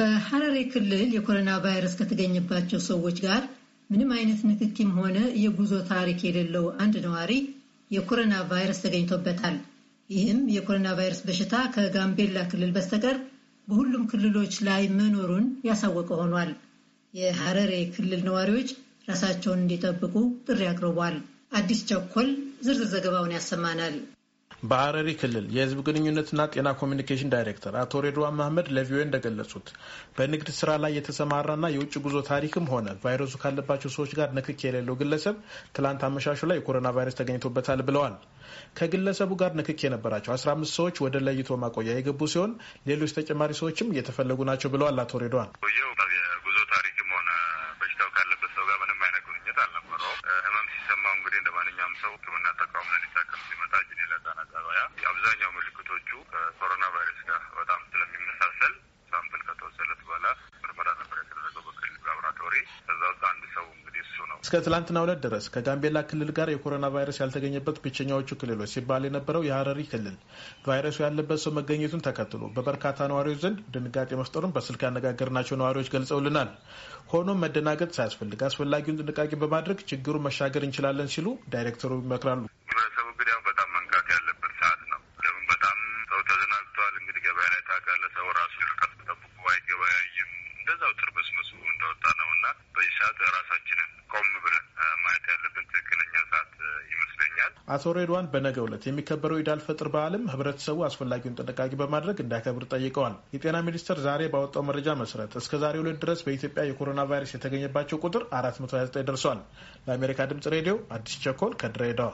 በሐረሬ ክልል የኮሮና ቫይረስ ከተገኘባቸው ሰዎች ጋር ምንም አይነት ንክኪም ሆነ የጉዞ ታሪክ የሌለው አንድ ነዋሪ የኮሮና ቫይረስ ተገኝቶበታል። ይህም የኮሮና ቫይረስ በሽታ ከጋምቤላ ክልል በስተቀር በሁሉም ክልሎች ላይ መኖሩን ያሳወቀ ሆኗል። የሐረሬ ክልል ነዋሪዎች ራሳቸውን እንዲጠብቁ ጥሪ አቅርቧል። አዲስ ቸኮል ዝርዝር ዘገባውን ያሰማናል። በሀረሪ ክልል የህዝብ ግንኙነትና ጤና ኮሚኒኬሽን ዳይሬክተር አቶ ሬድዋን መሀመድ ለቪኦኤ እንደገለጹት በንግድ ስራ ላይ የተሰማራና የውጭ ጉዞ ታሪክም ሆነ ቫይረሱ ካለባቸው ሰዎች ጋር ንክክ የሌለው ግለሰብ ትላንት አመሻሹ ላይ የኮሮና ቫይረስ ተገኝቶበታል ብለዋል። ከግለሰቡ ጋር ንክክ የነበራቸው 15 ሰዎች ወደ ለይቶ ማቆያ የገቡ ሲሆን ሌሎች ተጨማሪ ሰዎችም እየተፈለጉ ናቸው ብለዋል አቶ ሬድዋን በሽታው ካለበት ሰው ጋር ምንም አይነት ግንኙነት አልነበረው። ህመም ሲሰማው እንግዲህ እንደ ማንኛውም ሰው ሕክምና ተቃውሞ ለሊታከም ሲመጣ ጅኔላ ህጻናት ጣቢያ አብዛኛው ምልክቶቹ ከኮሮና ቫይረስ ጋር በጣም ስለሚመሳሰል ሳምፕል ከተወሰለት በኋላ ምርመራ ነበር የተደረገው በክሊኒክ ላቦራቶሪ። ከዛ ውስጥ አንድ ሰው እሱ ነው። እስከ ትላንትና ሁለት ድረስ ከጋምቤላ ክልል ጋር የኮሮና ቫይረስ ያልተገኘበት ብቸኛዎቹ ክልሎች ሲባል የነበረው የሀረሪ ክልል ቫይረሱ ያለበት ሰው መገኘቱን ተከትሎ በበርካታ ነዋሪዎች ዘንድ ድንጋጤ መፍጠሩን በስልክ ያነጋገርናቸው ነዋሪዎች ገልጸውልናል። ሆኖም መደናገጥ ሳያስፈልግ አስፈላጊውን ጥንቃቄ በማድረግ ችግሩን መሻገር እንችላለን ሲሉ ዳይሬክተሩ ይመክራሉ። ህብረተሰቡ እንግዲህ በጣም ያለበት ሰዓት ነው። ለምን በጣም ሰው ተዘናግቷል። እንግዲህ ገበያ ላይ ታውቃለህ፣ ሰው ራሱ ርቀት ጠብቆ አይገበያይም። እንደዛው እንደወጣ ነው እና በዚህ ሰዓት ራሳችንን አቶ ሬድዋን በነገ ዕለት የሚከበረው ኢዳል ፈጥር በዓልም ህብረተሰቡ አስፈላጊውን ጥንቃቄ በማድረግ እንዲያከብር ጠይቀዋል። የጤና ሚኒስቴር ዛሬ ባወጣው መረጃ መሰረት እስከ ዛሬ ሁለት ድረስ በኢትዮጵያ የኮሮና ቫይረስ የተገኘባቸው ቁጥር 429 ደርሷል። ለአሜሪካ ድምጽ ሬዲዮ አዲስ ቸኮል ከድሬዳዋ